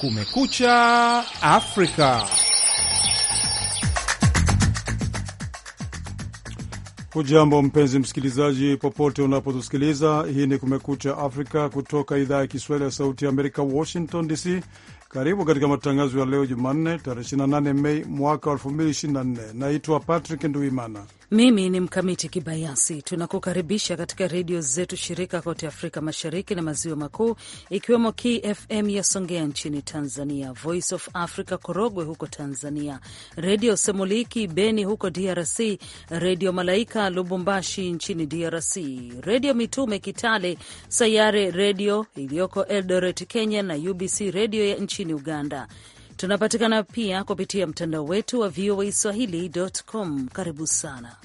Kumekucha Afrika. Hujambo mpenzi msikilizaji, popote unapotusikiliza. Hii ni Kumekucha Afrika kutoka idhaa ya Kiswahili ya Sauti ya Amerika, Washington DC. Karibu katika matangazo ya leo Jumanne, tarehe 28 Mei mwaka 2024. Naitwa Patrick Nduimana mimi ni Mkamiti Kibayasi. Tunakukaribisha katika redio zetu shirika kote Afrika Mashariki na Maziwa Makuu, ikiwemo KFM ya Songea nchini Tanzania, Voice of Africa Korogwe huko Tanzania, Redio Semuliki Beni huko DRC, Redio Malaika Lubumbashi nchini DRC, Redio Mitume Kitale, Sayare Redio iliyoko Eldoret Kenya na UBC Redio ya nchini Uganda. Tunapatikana pia kupitia mtandao wetu wa VOA Swahili.com. Karibu sana.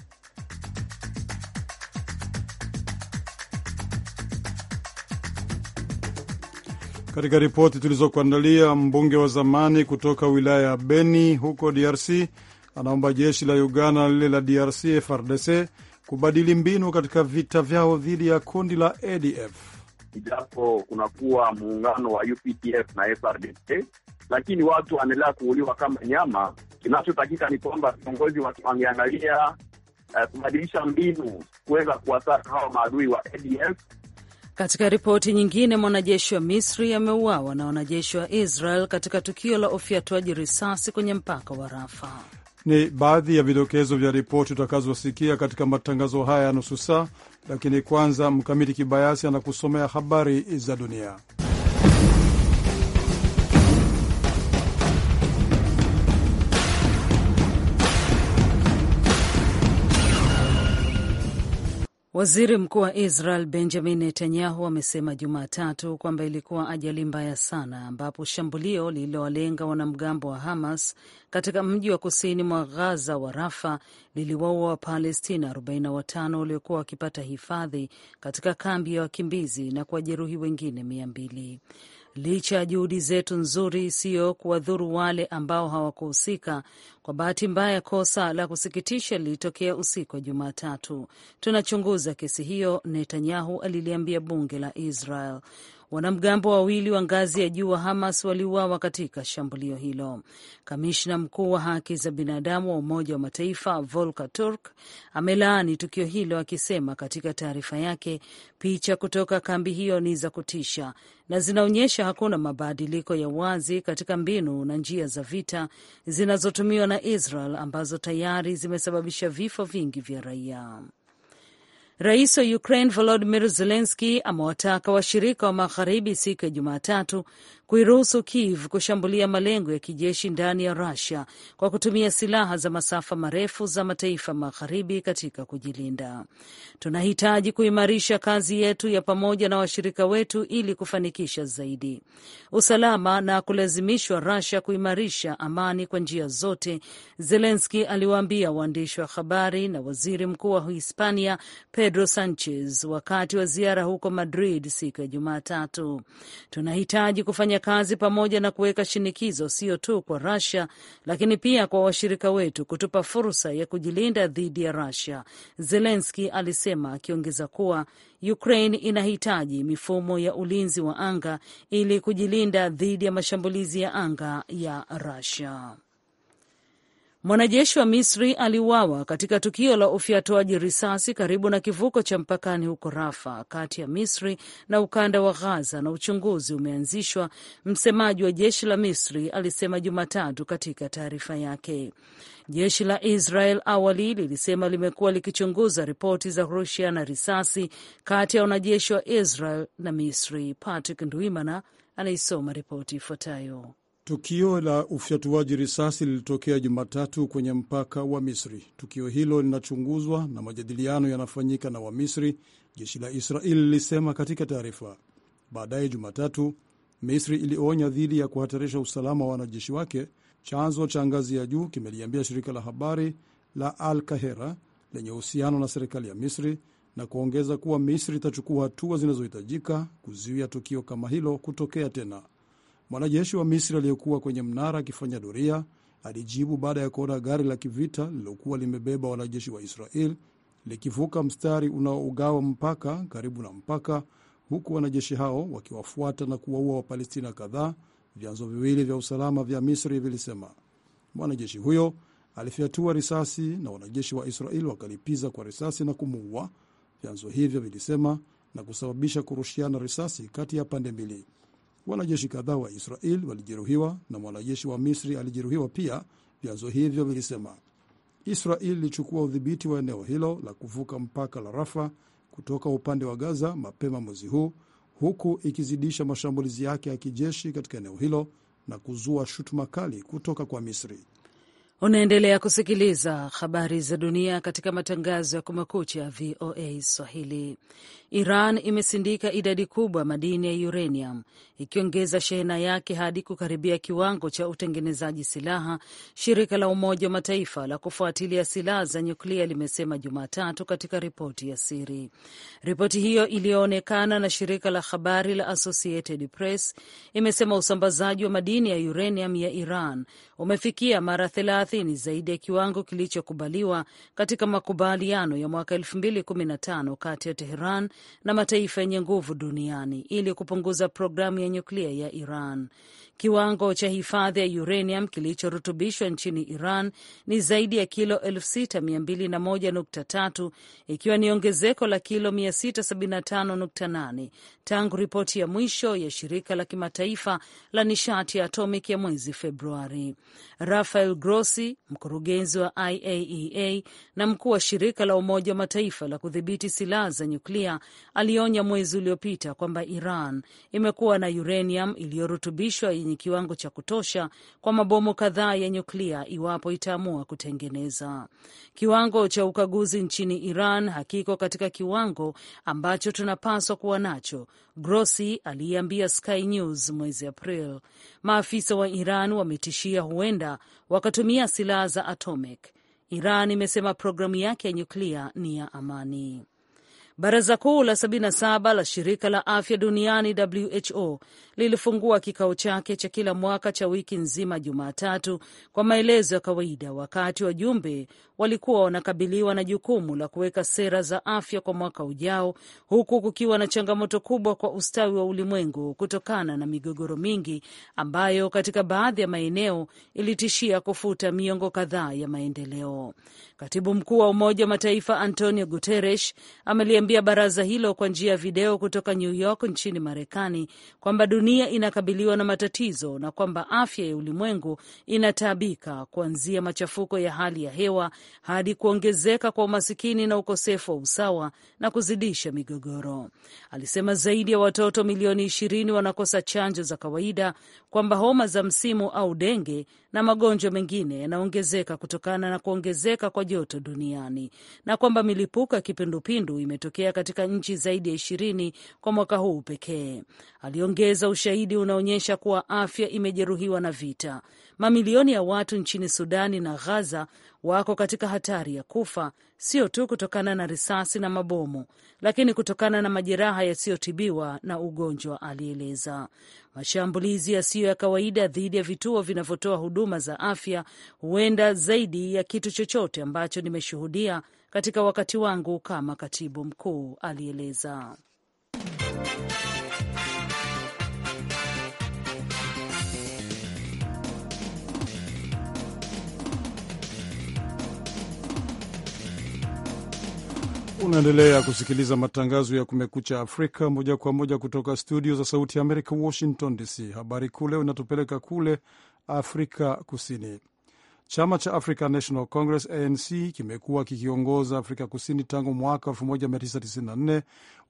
Katika ripoti tulizokuandalia, mbunge wa zamani kutoka wilaya ya Beni huko DRC anaomba jeshi la Uganda na lile la DRC frdc kubadili mbinu katika vita vyao dhidi ya kundi la ADF. Ijapo kunakuwa muungano wa UPDF na frdc lakini watu wanaendelea kuuliwa kama nyama. Kinachotakika ni kwamba viongozi wangeangalia uh, eh, kubadilisha mbinu kuweza kuwasaka hawa maadui wa ADF. Katika ripoti nyingine, mwanajeshi wa Misri ameuawa na wanajeshi wa Israel katika tukio la ufyatuaji risasi kwenye mpaka wa Rafa. Ni baadhi ya vidokezo vya ripoti utakazosikia katika matangazo haya ya nusu saa, lakini kwanza, Mkamiti Kibayasi anakusomea habari za dunia. Waziri Mkuu wa Israel Benjamin Netanyahu amesema Jumatatu kwamba ilikuwa ajali mbaya sana, ambapo shambulio lililowalenga wanamgambo wa Hamas katika mji wa kusini mwa Ghaza wa Rafa liliwaua Wapalestina 45 waliokuwa wakipata hifadhi katika kambi ya wakimbizi na kuwajeruhi wengine mia mbili licha ya juhudi zetu nzuri, siyo kuwadhuru wale ambao hawakuhusika. Kwa bahati mbaya, kosa la kusikitisha lilitokea usiku wa Jumatatu. Tunachunguza kesi hiyo, Netanyahu aliliambia bunge la Israel. Wanamgambo wawili wa ngazi ya juu wa Hamas waliuawa katika shambulio hilo. Kamishna mkuu wa haki za binadamu wa Umoja wa Mataifa Volker Turk amelaani tukio hilo akisema katika taarifa yake, picha kutoka kambi hiyo ni za kutisha na zinaonyesha hakuna mabadiliko ya wazi katika mbinu na njia za vita zinazotumiwa na Israel ambazo tayari zimesababisha vifo vingi vya raia. Rais wa Ukraine volodimir zelenski amewataka washirika wa magharibi siku ya Jumatatu kuiruhusu Kiev kushambulia malengo ya kijeshi ndani ya Rusia kwa kutumia silaha za masafa marefu za mataifa magharibi katika kujilinda. Tunahitaji kuimarisha kazi yetu ya pamoja na washirika wetu ili kufanikisha zaidi usalama na kulazimishwa rasia kuimarisha amani kwa njia zote, Zelenski aliwaambia waandishi wa habari na waziri mkuu wa Hispania Pedro Sanchez wakati wa ziara huko Madrid siku ya Jumatatu. Tunahitaji kufanya kazi pamoja na kuweka shinikizo sio tu kwa Russia lakini pia kwa washirika wetu kutupa fursa ya kujilinda dhidi ya Russia, Zelensky alisema, akiongeza kuwa Ukraine inahitaji mifumo ya ulinzi wa anga ili kujilinda dhidi ya mashambulizi ya anga ya Russia. Mwanajeshi wa Misri aliuawa katika tukio la ufyatuaji risasi karibu na kivuko cha mpakani huko Rafa kati ya Misri na ukanda wa Ghaza na uchunguzi umeanzishwa, msemaji wa jeshi la Misri alisema Jumatatu katika taarifa yake. Jeshi la Israel awali lilisema limekuwa likichunguza ripoti za rusia na risasi kati ya wanajeshi wa Israel na Misri. Patrick Ndwimana anaisoma ripoti ifuatayo. Tukio la ufyatuaji risasi lilitokea Jumatatu kwenye mpaka wa Misri. Tukio hilo linachunguzwa na majadiliano yanafanyika na Wamisri, jeshi la Israeli lilisema katika taarifa. Baadaye Jumatatu, Misri ilionya dhidi ya kuhatarisha usalama wa wanajeshi wake. Chanzo cha ngazi ya juu kimeliambia shirika la habari la Al Kahera lenye uhusiano na serikali ya Misri na kuongeza kuwa Misri itachukua hatua zinazohitajika kuzuia tukio kama hilo kutokea tena. Mwanajeshi wa Misri aliyekuwa kwenye mnara akifanya doria alijibu baada ya kuona gari la kivita lililokuwa limebeba wanajeshi wa Israel likivuka mstari unaougawa mpaka karibu na mpaka, huku wanajeshi hao wakiwafuata na kuwaua Wapalestina kadhaa, vyanzo viwili vya usalama vya Misri vilisema. Mwanajeshi huyo alifyatua risasi na wanajeshi wa Israel wakalipiza kwa risasi na kumuua, vyanzo hivyo vilisema, na kusababisha kurushiana risasi kati ya pande mbili. Wanajeshi kadhaa wa Israel walijeruhiwa na mwanajeshi wa Misri alijeruhiwa pia, vyanzo hivyo vilisema. Israel ilichukua udhibiti wa eneo hilo la kuvuka mpaka la Rafa kutoka upande wa Gaza mapema mwezi huu, huku ikizidisha mashambulizi yake ya kijeshi katika eneo hilo na kuzua shutuma kali kutoka kwa Misri. Unaendelea kusikiliza habari za dunia katika matangazo ya kumekucha VOA Swahili. Iran imesindika idadi kubwa madini ya uranium ikiongeza shehena yake hadi kukaribia kiwango cha utengenezaji silaha, shirika la Umoja wa Mataifa la kufuatilia silaha za nyuklia limesema Jumatatu katika ripoti ya siri. Ripoti hiyo iliyoonekana na shirika la habari la Associated Press imesema usambazaji wa madini ya uranium ya Iran umefikia mara thelathini zaidi ya kiwango kilichokubaliwa katika makubaliano ya mwaka tano kati ya Teheran na mataifa yenye nguvu duniani ili kupunguza programu ya nyuklia ya Iran. Kiwango cha hifadhi ya uranium kilichorutubishwa nchini Iran ni zaidi ya kilo 6213 ikiwa ni ongezeko la kilo 675.8 tangu ripoti ya mwisho ya shirika la kimataifa la nishati ya atomic ya mwezi Februari. Rafael Grossi, mkurugenzi wa IAEA e na mkuu wa shirika la Umoja wa Mataifa la kudhibiti silaha za nyuklia, alionya mwezi uliopita kwamba Iran imekuwa na uranium iliyorutubishwa yenye yenye kiwango cha kutosha kwa mabomu kadhaa ya nyuklia iwapo itaamua kutengeneza. Kiwango cha ukaguzi nchini Iran hakiko katika kiwango ambacho tunapaswa kuwa nacho, Grossi aliiambia Sky News mwezi April. Maafisa wa Iran wametishia huenda wakatumia silaha za atomic. Iran imesema programu yake ya nyuklia ni ya amani. Baraza Kuu la 77 la Shirika la Afya Duniani WHO lilifungua kikao chake cha kila mwaka cha wiki nzima Jumatatu kwa maelezo ya kawaida, wakati wajumbe walikuwa wanakabiliwa na jukumu la kuweka sera za afya kwa mwaka ujao, huku kukiwa na changamoto kubwa kwa ustawi wa ulimwengu kutokana na migogoro mingi ambayo katika baadhi ya maeneo ilitishia kufuta miongo kadhaa ya maendeleo. Katibu mkuu wa Umoja wa Mataifa Antonio Guterres ameliambia baraza hilo kwa njia ya video kutoka New York nchini Marekani kwamba dunia inakabiliwa na matatizo na kwamba afya ya ulimwengu inataabika kuanzia machafuko ya hali ya hewa hadi kuongezeka kwa umasikini na ukosefu wa usawa na kuzidisha migogoro. Alisema zaidi ya watoto milioni ishirini wanakosa chanjo za kawaida, kwamba homa za msimu au denge na magonjwa mengine yanaongezeka kutokana na kuongezeka kwa joto duniani na kwamba milipuko ya kipindupindu imetokea katika nchi zaidi ya ishirini kwa mwaka huu pekee. Aliongeza, ushahidi unaonyesha kuwa afya imejeruhiwa na vita. Mamilioni ya watu nchini Sudani na ghaza wako katika hatari ya kufa, sio tu kutokana na risasi na mabomu, lakini kutokana na majeraha yasiyotibiwa na ugonjwa, alieleza. Mashambulizi yasiyo ya kawaida dhidi ya vituo vinavyotoa huduma za afya huenda zaidi ya kitu chochote ambacho nimeshuhudia katika wakati wangu kama katibu mkuu, alieleza. Unaendelea kusikiliza matangazo ya Kumekucha Afrika moja kwa moja kutoka studio za Sauti ya Amerika, Washington DC. Habari kuu leo inatupeleka kule Afrika Kusini. Chama cha African National Congress, ANC, kimekuwa kikiongoza Afrika Kusini tangu mwaka 1994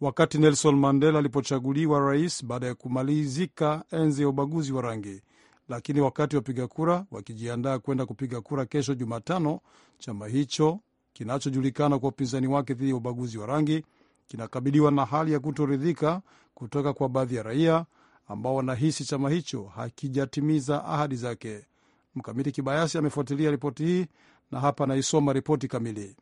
wakati Nelson Mandela alipochaguliwa rais baada ya kumalizika enzi ya ubaguzi wa rangi. Lakini wakati wapiga kura wakijiandaa kwenda kupiga kura kesho Jumatano, chama hicho kinachojulikana kwa upinzani wake dhidi ya ubaguzi wa rangi kinakabiliwa na hali ya kutoridhika kutoka kwa baadhi ya raia ambao wanahisi chama hicho hakijatimiza ahadi zake. Mkamiti Kibayasi amefuatilia ripoti hii na hapa anaisoma ripoti kamili.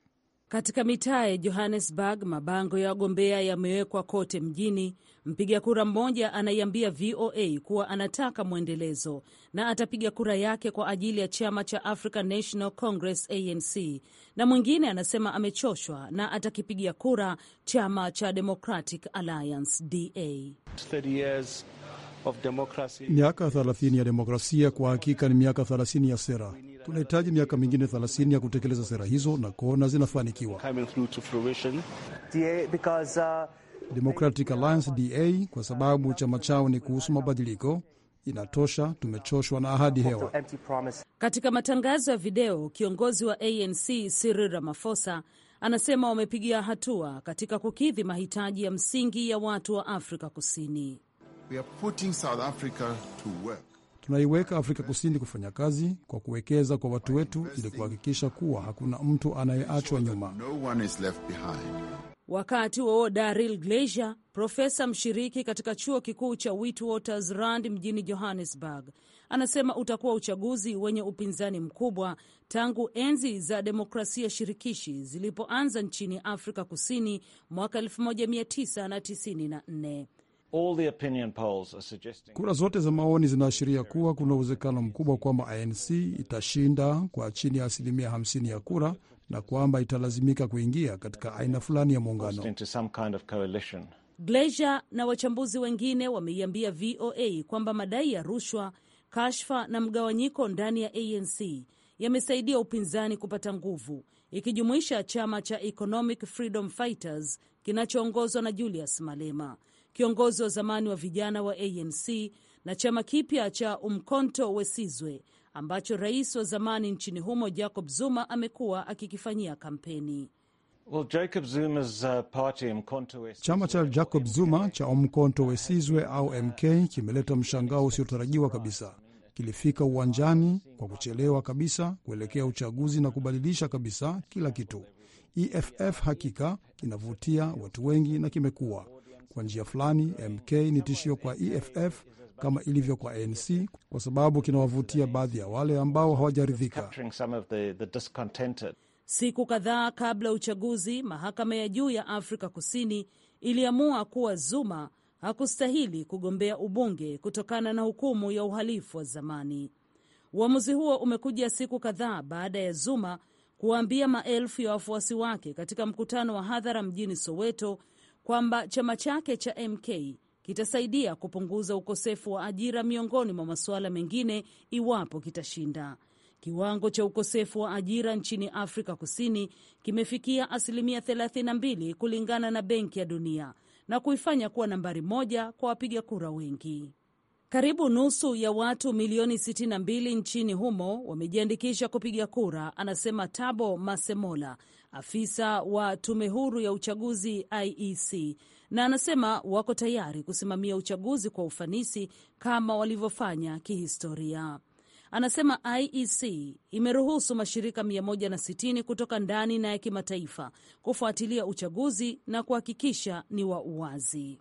Katika mitaa ya Johannesburg, mabango ya wagombea yamewekwa kote mjini. Mpiga kura mmoja anaiambia VOA kuwa anataka mwendelezo na atapiga kura yake kwa ajili ya chama cha African National Congress, ANC, na mwingine anasema amechoshwa na atakipigia kura chama cha Democratic Alliance, DA of democracy. Miaka 30 ya demokrasia kwa hakika ni miaka 30 ya sera. Tunahitaji miaka mingine 30 ya kutekeleza sera hizo na kuona zinafanikiwa. Uh, Democratic Alliance DA, kwa sababu chama chao ni kuhusu mabadiliko. Inatosha, tumechoshwa na ahadi hewa. Katika matangazo ya video, kiongozi wa ANC Cyril Ramaphosa anasema wamepigia hatua katika kukidhi mahitaji ya msingi ya watu wa Afrika Kusini. Tunaiweka Afrika Kusini kufanya kazi kwa kuwekeza kwa watu wetu ili kuhakikisha kuwa hakuna mtu anayeachwa nyuma. Wakati wao Daril Glaser, profesa mshiriki katika chuo kikuu cha Witwatersrand mjini Johannesburg, anasema utakuwa uchaguzi wenye upinzani mkubwa tangu enzi za demokrasia shirikishi zilipoanza nchini Afrika Kusini mwaka 1994 kura zote za maoni zinaashiria kuwa kuna uwezekano mkubwa kwamba ANC itashinda kwa chini ya asilimia 50 ya kura na kwamba italazimika kuingia katika aina fulani ya muungano kind of na wachambuzi wengine wameiambia VOA kwamba madai ya rushwa, kashfa na mgawanyiko ndani ya ANC yamesaidia upinzani kupata nguvu, ikijumuisha chama cha Economic Freedom Fighters kinachoongozwa na Julius Malema kiongozi wa zamani wa vijana wa ANC na chama kipya cha umkonto Wesizwe ambacho rais wa zamani nchini humo Jacob Zuma amekuwa akikifanyia kampeni. Well, Jacob Zuma's, uh, party, chama cha Jacob Zuma cha umkonto Wesizwe au MK kimeleta mshangao usiotarajiwa kabisa. Kilifika uwanjani kwa kuchelewa kabisa kuelekea uchaguzi na kubadilisha kabisa kila kitu. EFF hakika kinavutia watu wengi na kimekuwa kwa njia fulani, MK ni tishio kwa EFF kama ilivyo kwa ANC kwa sababu kinawavutia baadhi ya wale ambao hawajaridhika. Siku kadhaa kabla ya uchaguzi, mahakama ya juu ya Afrika Kusini iliamua kuwa Zuma hakustahili kugombea ubunge kutokana na hukumu ya uhalifu wa zamani. Uamuzi huo umekuja siku kadhaa baada ya Zuma kuwaambia maelfu ya wafuasi wake katika mkutano wa hadhara mjini Soweto kwamba chama chake cha MK kitasaidia kupunguza ukosefu wa ajira miongoni mwa masuala mengine iwapo kitashinda. Kiwango cha ukosefu wa ajira nchini Afrika Kusini kimefikia asilimia 32 kulingana na Benki ya Dunia na kuifanya kuwa nambari moja kwa wapiga kura wengi. Karibu nusu ya watu milioni 62 nchini humo wamejiandikisha kupiga kura, anasema tabo Masemola, afisa wa tume huru ya uchaguzi IEC, na anasema wako tayari kusimamia uchaguzi kwa ufanisi kama walivyofanya kihistoria. Anasema IEC imeruhusu mashirika 160 kutoka ndani na ya kimataifa kufuatilia uchaguzi na kuhakikisha ni wa uwazi.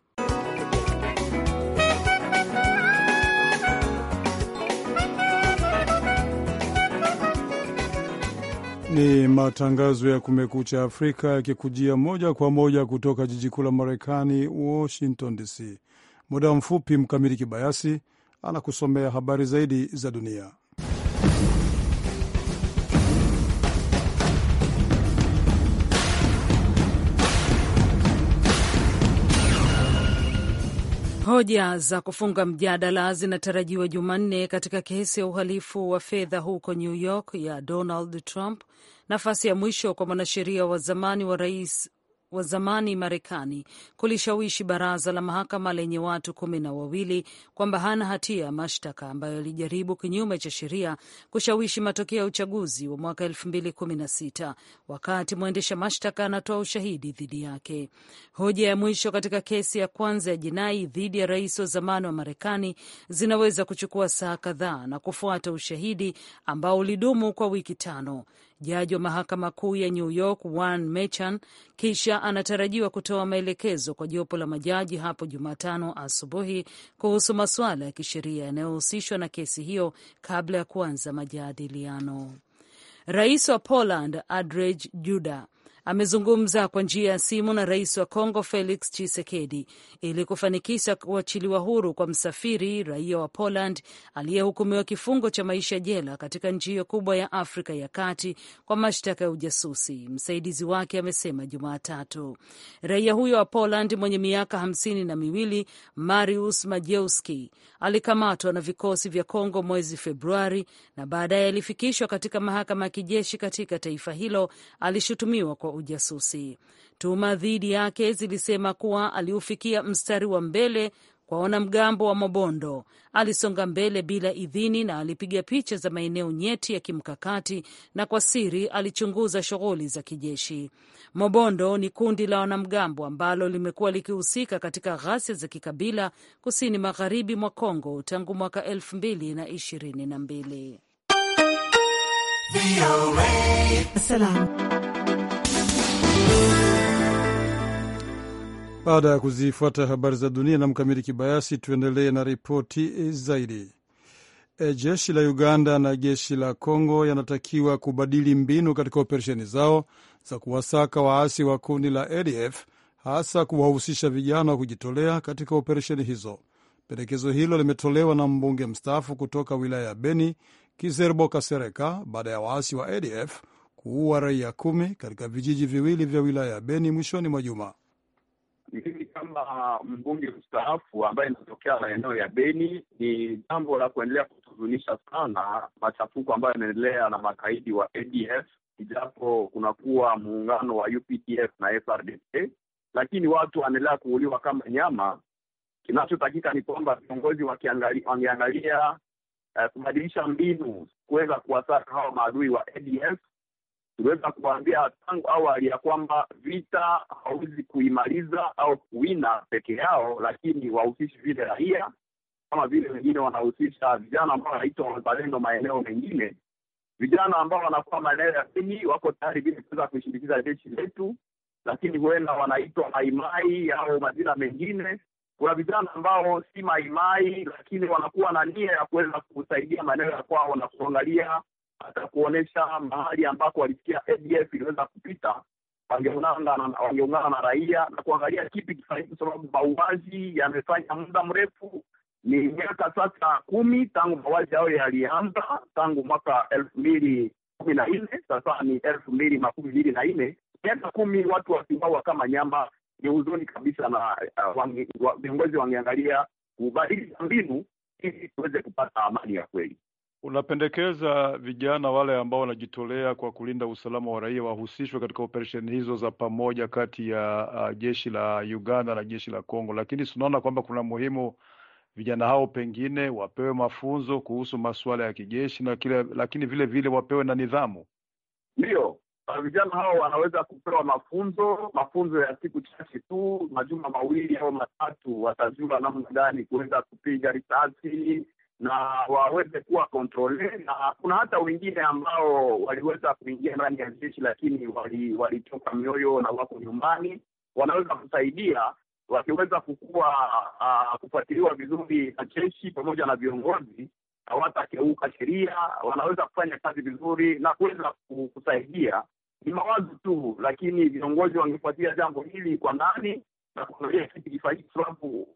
Ni matangazo ya Kumekucha Afrika yakikujia moja kwa moja kutoka jiji kuu la Marekani, Washington DC. Muda mfupi, Mkamiri Kibayasi anakusomea habari zaidi za dunia. Hoja za kufunga mjadala zinatarajiwa Jumanne katika kesi ya uhalifu wa fedha huko New York ya Donald Trump, nafasi ya mwisho kwa mwanasheria wa zamani wa rais wa zamani Marekani kulishawishi baraza la mahakama lenye watu kumi na wawili kwamba hana hatia ya mashtaka ambayo yalijaribu kinyume cha sheria kushawishi matokeo ya uchaguzi wa mwaka elfu mbili kumi na sita wakati mwendesha mashtaka anatoa ushahidi dhidi yake. Hoja ya mwisho katika kesi ya kwanza ya jinai dhidi ya rais wa zamani wa Marekani zinaweza kuchukua saa kadhaa na kufuata ushahidi ambao ulidumu kwa wiki tano. Jaji wa mahakama kuu ya New York Juan Merchan kisha anatarajiwa kutoa maelekezo kwa jopo la majaji hapo Jumatano asubuhi kuhusu masuala ya kisheria yanayohusishwa na kesi hiyo kabla ya kuanza majadiliano. Rais wa Poland Andrzej Duda amezungumza kwa njia ya simu na rais wa Kongo Felix Tshisekedi ili kufanikisha kuachiliwa huru kwa msafiri raia wa Poland aliyehukumiwa kifungo cha maisha jela katika nchi hiyo kubwa ya Afrika ya Kati kwa mashtaka ya ujasusi. Msaidizi wake amesema Jumatatu raia huyo wa Poland mwenye miaka hamsini na miwili Marius Majewski alikamatwa na vikosi vya Kongo mwezi Februari na baadaye alifikishwa katika mahakama ya kijeshi katika taifa hilo. Alishutumiwa kwa ujasusi. Tuma dhidi yake zilisema kuwa aliufikia mstari wa mbele kwa wanamgambo wa Mobondo. Alisonga mbele bila idhini na alipiga picha za maeneo nyeti ya kimkakati, na kwa siri alichunguza shughuli za kijeshi. Mobondo ni kundi la wanamgambo ambalo limekuwa likihusika katika ghasia za kikabila kusini magharibi mwa Kongo tangu mwaka elfu mbili na ishirini na mbili. Baada ya kuzifuata habari za dunia na Mkamili Kibayasi, tuendelee na ripoti zaidi. E, jeshi la Uganda na jeshi la congo yanatakiwa kubadili mbinu katika operesheni zao za kuwasaka waasi wa kundi la ADF, hasa kuwahusisha vijana wa kujitolea katika operesheni hizo. Pendekezo hilo limetolewa na mbunge mstaafu kutoka wilaya ya Beni, Kizerbo Kasereka, baada ya waasi wa ADF kuua raia kumi katika vijiji viwili vya wilaya ya Beni mwishoni mwa juma. Mimi kama mbunge mstaafu ambaye inatokea maeneo ya Beni, ni jambo la kuendelea kutuzunisha sana, machafuko ambayo yanaendelea na makaidi wa ADF, ijapo kunakuwa muungano wa UPDF na FRDC, lakini watu wanaendelea kuuliwa kama nyama. Kinachotakika ni kwamba viongozi wangeangalia uh, kubadilisha mbinu kuweza kuwasaka hawa maadui wa ADF tuliweza kuwaambia tangu awali ya kwamba vita hawezi kuimaliza au kuwina peke yao, lakini wahusishi vile raia kama vile wengine wanahusisha vijana ambao wanaitwa wazalendo maeneo mengine, vijana ambao wanakuwa maeneo ya pili, wako tayari vile kuweza kuishindikiza jeshi letu, lakini huenda wanaitwa maimai au majina mengine. Kuna vijana ambao si maimai, lakini wanakuwa na nia ya kuweza kusaidia maeneo ya kwao na kuangalia atakuonyesha mahali ambako walisikia ADF iliweza kupita, wangeungana wangeungana na raia na kuangalia kipi kifanyike, sababu mauaji yamefanya muda mrefu ni miaka sasa kumi tangu mauaji hayo yalianza tangu mwaka elfu mbili kumi na nne sasa ni elfu mbili makumi mbili na nne miaka kumi watu wakiwawa kama nyama ni huzuni kabisa na viongozi uh, wange, wangeangalia kubadilisha mbinu ili tuweze kupata amani ya kweli Unapendekeza vijana wale ambao wanajitolea kwa kulinda usalama wa raia wahusishwe katika operesheni hizo za pamoja kati ya uh, jeshi la Uganda na jeshi la Kongo, lakini tunaona kwamba kuna muhimu vijana hao pengine wapewe mafunzo kuhusu masuala ya kijeshi na kile, lakini vile vile wapewe na nidhamu. Ndiyo, uh, vijana hao wanaweza kupewa mafunzo, mafunzo ya siku chache tu, majuma mawili au matatu, watajua namna gani kuweza kupiga risasi na waweze kuwa kontrole, na kuna hata wengine ambao waliweza kuingia ndani ya jeshi lakini walitoka wali mioyo na wako nyumbani, wanaweza kusaidia wakiweza kukua uh, kufuatiliwa vizuri na jeshi pamoja na viongozi, hawatakeuka sheria, wanaweza kufanya kazi vizuri na kuweza kusaidia. Ni mawazo tu, lakini viongozi wangefuatilia jambo hili kwa ndani na kuangalia kitu kifanyike, sababu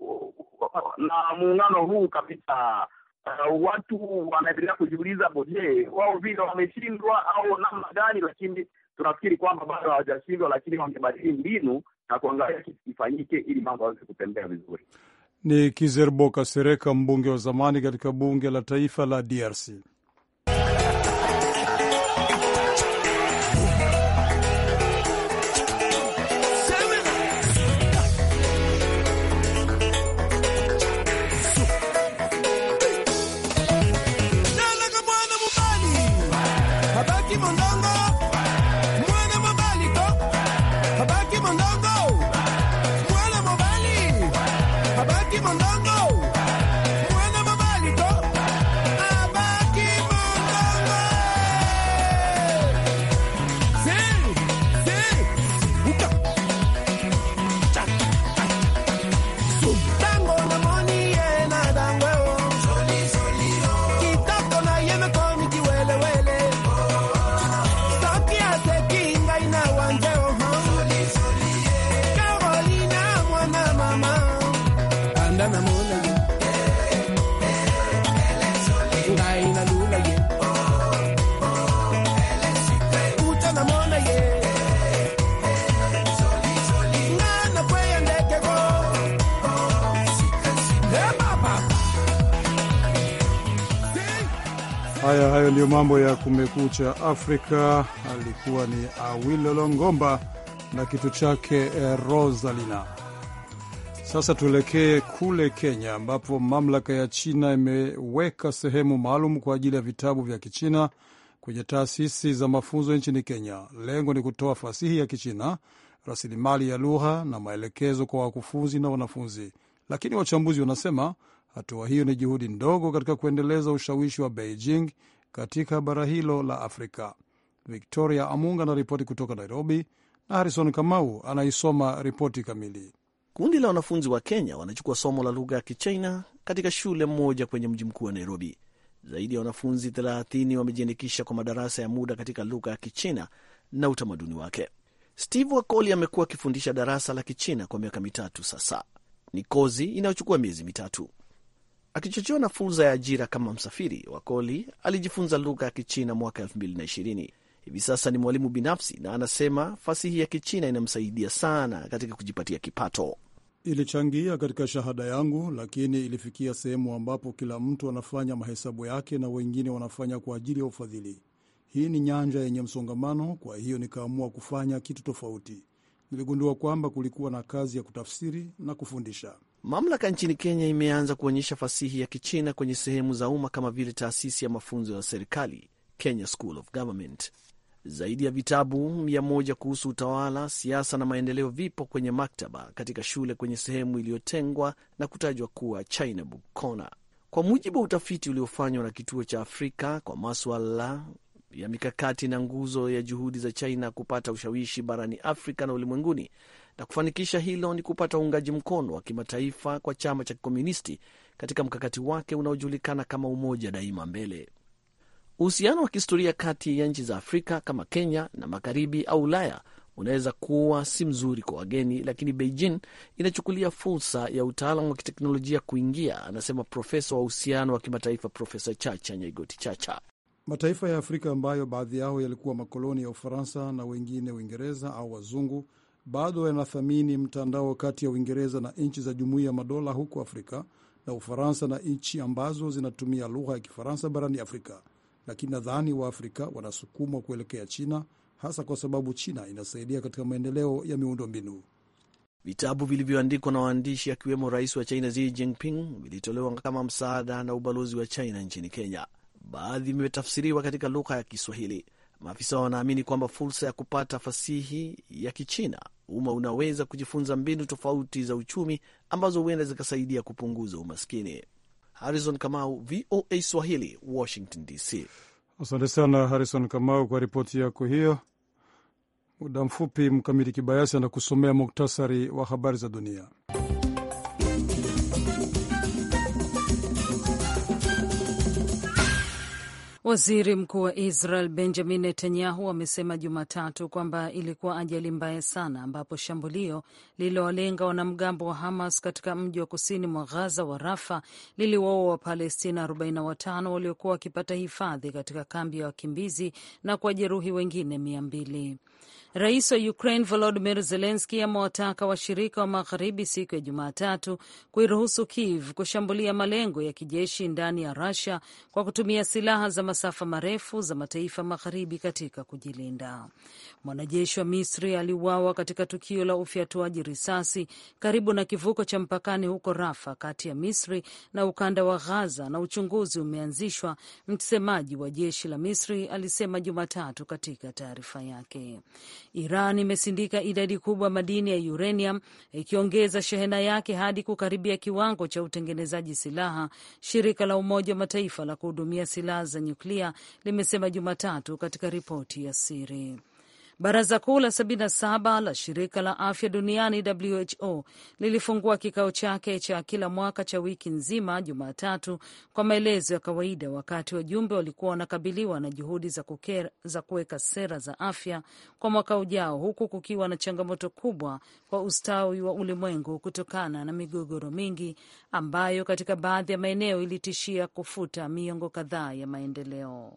na muungano huu kabisa uh, watu wanaendelea kujiuliza, bode wao vile wameshindwa au namna gani? Lakini tunafikiri kwamba bado hawajashindwa, lakini wangebadili mbinu na kuangalia kitu kifanyike ili mambo aweze kutembea vizuri. Ni Kizerbo Kasereka, mbunge wa zamani katika bunge la taifa la DRC. Hayo ndiyo mambo ya Kumekucha Afrika. Alikuwa ni Awilo Longomba na kitu chake eh, Rosalina. Sasa tuelekee kule Kenya, ambapo mamlaka ya China imeweka sehemu maalum kwa ajili ya vitabu vya Kichina kwenye taasisi za mafunzo nchini Kenya. Lengo ni kutoa fasihi ya Kichina, rasilimali ya lugha na maelekezo kwa wakufunzi na wanafunzi. Lakini wachambuzi wanasema hatua hiyo ni juhudi ndogo katika kuendeleza ushawishi wa Beijing katika bara hilo la Afrika. Victoria Amunga anaripoti kutoka Nairobi na Harrison Kamau anaisoma ripoti kamili. Kundi la wanafunzi wa Kenya wanachukua somo la lugha ya Kichina katika shule moja kwenye mji mkuu wa Nairobi. Zaidi ya wanafunzi 30 wamejiandikisha kwa madarasa ya muda katika lugha ya Kichina na utamaduni wake. Steve Wakoli amekuwa akifundisha darasa la Kichina kwa miaka mitatu sasa. Ni kozi inayochukua miezi mitatu. Akichochewa na fursa ya ajira kama msafiri, Wakoli alijifunza lugha ya Kichina mwaka 220 Hivi sasa ni mwalimu binafsi na anasema fasihi ya Kichina inamsaidia sana katika kujipatia kipato. Ilichangia katika shahada yangu, lakini ilifikia sehemu ambapo kila mtu anafanya mahesabu yake na wengine wanafanya kwa ajili ya ufadhili. Hii ni nyanja yenye msongamano, kwa hiyo nikaamua kufanya kitu tofauti. Niligundua kwamba kulikuwa na kazi ya kutafsiri na kufundisha. Mamlaka nchini Kenya imeanza kuonyesha fasihi ya Kichina kwenye sehemu za umma kama vile taasisi ya mafunzo ya serikali Kenya School of Government. Zaidi ya vitabu mia moja kuhusu utawala, siasa na maendeleo vipo kwenye maktaba katika shule kwenye sehemu iliyotengwa na kutajwa kuwa China Book Corner. Kwa mujibu wa utafiti uliofanywa na kituo cha Afrika kwa maswala ya mikakati na nguzo ya juhudi za China kupata ushawishi barani Afrika na ulimwenguni, na kufanikisha hilo ni kupata uungaji mkono wa kimataifa kwa chama cha kikomunisti katika mkakati wake unaojulikana kama Umoja Daima Mbele. Uhusiano wa kihistoria kati ya nchi za Afrika kama Kenya na magharibi au Ulaya unaweza kuwa si mzuri kwa wageni, lakini Beijing inachukulia fursa ya utaalam wa kiteknolojia kuingia, anasema profesa wa uhusiano wa kimataifa Profesa Chacha Nyaigoti Chacha. Mataifa ya Afrika ambayo baadhi yao yalikuwa makoloni ya Ufaransa na wengine Uingereza au wazungu bado yanathamini mtandao kati ya Uingereza na nchi za Jumuiya ya Madola huko Afrika na Ufaransa na nchi ambazo zinatumia lugha ya Kifaransa barani Afrika, lakini nadhani Waafrika wanasukumwa kuelekea China, hasa kwa sababu China inasaidia katika maendeleo ya miundo mbinu Vitabu vilivyoandikwa na waandishi akiwemo rais wa China Xi Jinping vilitolewa kama msaada na ubalozi wa China nchini Kenya. Baadhi vimetafsiriwa katika lugha ya Kiswahili. Maafisa wanaamini kwamba fursa ya kupata fasihi ya Kichina, umma unaweza kujifunza mbinu tofauti za uchumi ambazo huenda zikasaidia kupunguza umaskini. Harrison Kamau, VOA Swahili, Washington DC. Asante sana Harrison Kamau kwa ripoti yako hiyo. Muda mfupi Mkamili Kibayasi anakusomea muktasari wa habari za dunia. Waziri Mkuu wa Israel Benjamin Netanyahu amesema Jumatatu kwamba ilikuwa ajali mbaya sana ambapo shambulio lililowalenga wanamgambo wa Hamas katika mji wa kusini mwa Ghaza wa Rafa liliwaua Wapalestina 45 waliokuwa wakipata hifadhi katika kambi ya wakimbizi na kuwajeruhi wengine mia mbili. Rais wa Ukraine volodimir zelenski amewataka washirika wa magharibi siku ya Jumatatu kuiruhusu Kiev kushambulia malengo ya kijeshi ndani ya rusia kwa kutumia silaha za masafa marefu za mataifa magharibi katika kujilinda. Mwanajeshi wa Misri aliuawa katika tukio la ufyatuaji risasi karibu na kivuko cha mpakani huko Rafa kati ya Misri na ukanda wa ghaza na uchunguzi umeanzishwa, msemaji wa jeshi la Misri alisema Jumatatu katika taarifa yake. Iran imesindika idadi kubwa madini ya uranium ikiongeza shehena yake hadi kukaribia kiwango cha utengenezaji silaha, shirika la Umoja wa Mataifa la kuhudumia silaha za nyuklia limesema Jumatatu katika ripoti ya siri. Baraza Kuu la 77 la Shirika la Afya Duniani WHO lilifungua kikao chake cha kila mwaka cha wiki nzima Jumatatu kwa maelezo ya kawaida, wakati wajumbe walikuwa wanakabiliwa na juhudi za, kukera, za kuweka sera za afya kwa mwaka ujao, huku kukiwa na changamoto kubwa kwa ustawi wa ulimwengu kutokana na migogoro mingi ambayo katika baadhi ya maeneo ilitishia kufuta miongo kadhaa ya maendeleo.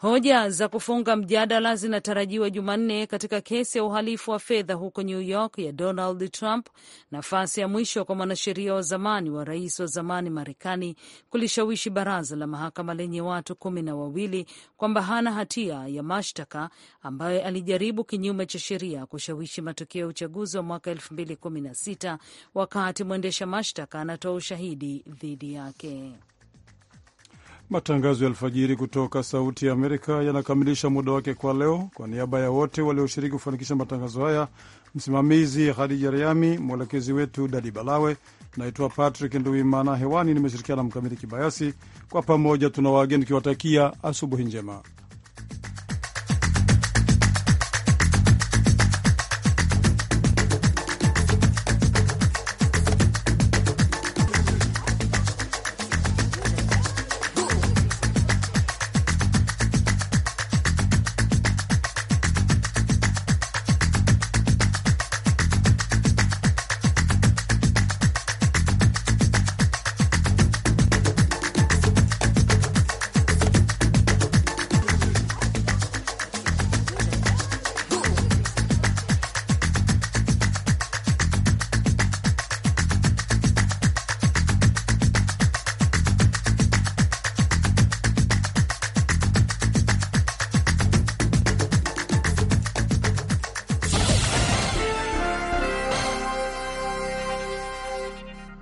Hoja za kufunga mjadala zinatarajiwa Jumanne katika kesi ya uhalifu wa fedha huko New York ya Donald Trump, nafasi ya mwisho kwa mwanasheria wa zamani wa rais wa zamani Marekani kulishawishi baraza la mahakama lenye watu kumi na wawili kwamba hana hatia ya mashtaka ambayo alijaribu kinyume cha sheria kushawishi matokeo ya uchaguzi wa mwaka sita wakati mwendesha mashtaka anatoa ushahidi dhidi yake. Matangazo ya alfajiri kutoka Sauti ya Amerika yanakamilisha muda wake kwa leo. Kwa niaba ya wote walioshiriki kufanikisha matangazo haya, msimamizi hadija Riami, mwelekezi wetu Dadi Balawe, naitwa Patrick Nduimana. Hewani nimeshirikiana na Kibayasi. Kwa pamoja tuna wageni kiwatakia asubuhi njema.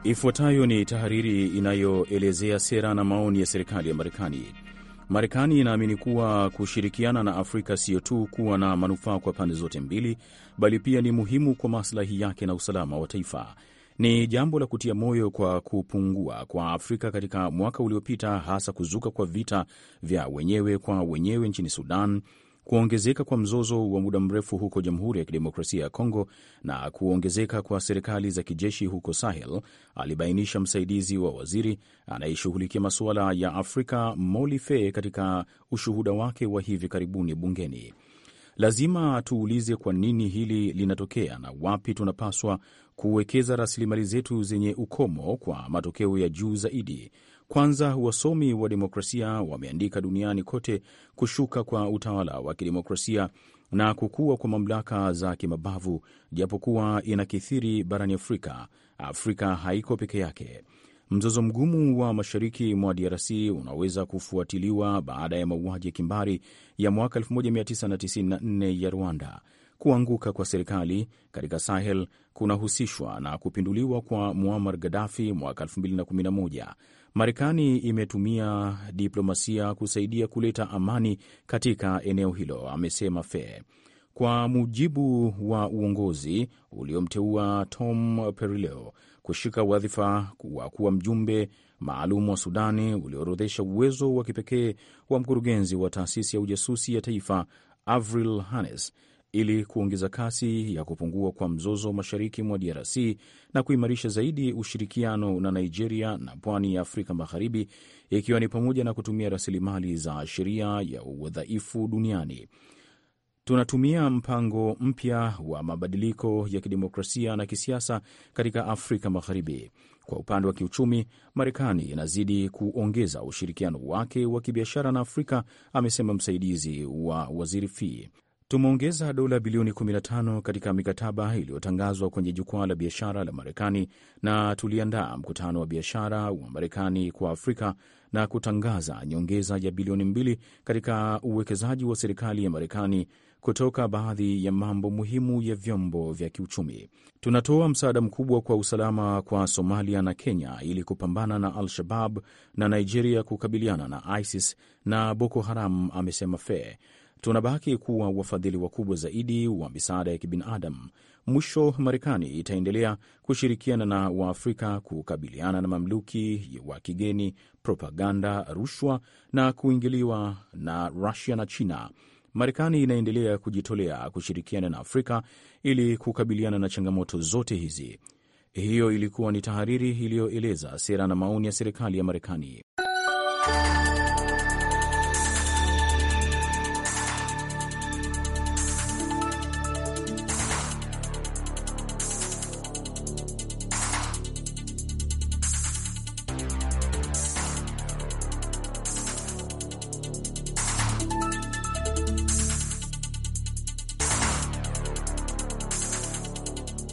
Ifuatayo ni tahariri inayoelezea sera na maoni ya serikali ya Marekani. Marekani inaamini kuwa kushirikiana na Afrika siyo tu kuwa na manufaa kwa pande zote mbili, bali pia ni muhimu kwa maslahi yake na usalama wa taifa. Ni jambo la kutia moyo kwa kupungua kwa Afrika katika mwaka uliopita, hasa kuzuka kwa vita vya wenyewe kwa wenyewe nchini Sudan, kuongezeka kwa mzozo wa muda mrefu huko Jamhuri ya Kidemokrasia ya Kongo na kuongezeka kwa serikali za kijeshi huko Sahel, alibainisha msaidizi wa waziri anayeshughulikia masuala ya Afrika Moli Fay katika ushuhuda wake wa hivi karibuni bungeni. Lazima tuulize kwa nini hili linatokea na wapi tunapaswa kuwekeza rasilimali zetu zenye ukomo kwa matokeo ya juu zaidi. Kwanza, wasomi wa demokrasia wameandika duniani kote kushuka kwa utawala wa kidemokrasia na kukua kwa mamlaka za kimabavu, japokuwa inakithiri barani Afrika, Afrika haiko peke yake. Mzozo mgumu wa mashariki mwa DRC unaweza kufuatiliwa baada ya mauaji ya kimbari ya mwaka 1994 ya Rwanda. Kuanguka kwa serikali katika Sahel kunahusishwa na kupinduliwa kwa Muammar Gaddafi mwaka 2011. Marekani imetumia diplomasia kusaidia kuleta amani katika eneo hilo, amesema Fei. Kwa mujibu wa uongozi uliomteua Tom Perriello kushika wadhifa wa kuwa mjumbe maalum wa Sudani ulioorodhesha uwezo wa kipekee wa mkurugenzi wa taasisi ya ujasusi ya taifa Avril Haines ili kuongeza kasi ya kupungua kwa mzozo mashariki mwa DRC na kuimarisha zaidi ushirikiano na Nigeria na pwani ya Afrika Magharibi, ikiwa ni pamoja na kutumia rasilimali za sheria ya udhaifu duniani. Tunatumia mpango mpya wa mabadiliko ya kidemokrasia na kisiasa katika Afrika Magharibi. Kwa upande wa kiuchumi, Marekani inazidi kuongeza ushirikiano wake wa kibiashara na Afrika, amesema msaidizi wa waziri Fee. Tumeongeza dola bilioni 15 katika mikataba iliyotangazwa kwenye jukwaa la biashara la Marekani, na tuliandaa mkutano wa biashara wa Marekani kwa Afrika na kutangaza nyongeza ya bilioni mbili katika uwekezaji wa serikali ya Marekani kutoka baadhi ya mambo muhimu ya vyombo vya kiuchumi. Tunatoa msaada mkubwa kwa usalama kwa Somalia na Kenya ili kupambana na Al-Shabab na Nigeria kukabiliana na ISIS na Boko Haram, amesema Faye tunabaki kuwa wafadhili wakubwa zaidi wa misaada ya kibinadamu. Mwisho, Marekani itaendelea kushirikiana na Waafrika kukabiliana na mamluki wa kigeni, propaganda, rushwa na kuingiliwa na Rusia na China. Marekani inaendelea kujitolea kushirikiana na Afrika ili kukabiliana na changamoto zote hizi. Hiyo ilikuwa ni tahariri iliyoeleza sera na maoni ya serikali ya Marekani.